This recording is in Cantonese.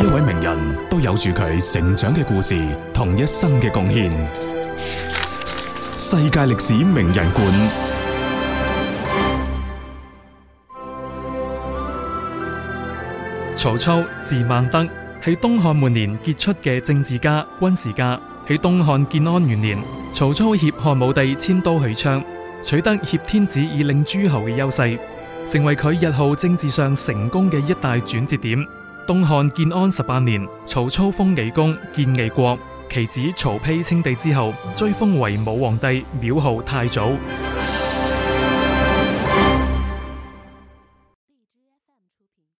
一位名人都有住佢成長嘅故事，同一生嘅貢獻。世界歷史名人館。曹操字孟德，係東漢末年傑出嘅政治家、軍事家。喺東漢建安元年，曹操挾漢武帝遷都許昌，取得挾天子以令諸侯嘅優勢，成為佢日後政治上成功嘅一大轉折點。東漢建安十八年，曹操封魏公，建魏國。其子曹丕稱帝之後，追封為武皇帝，廟號太祖。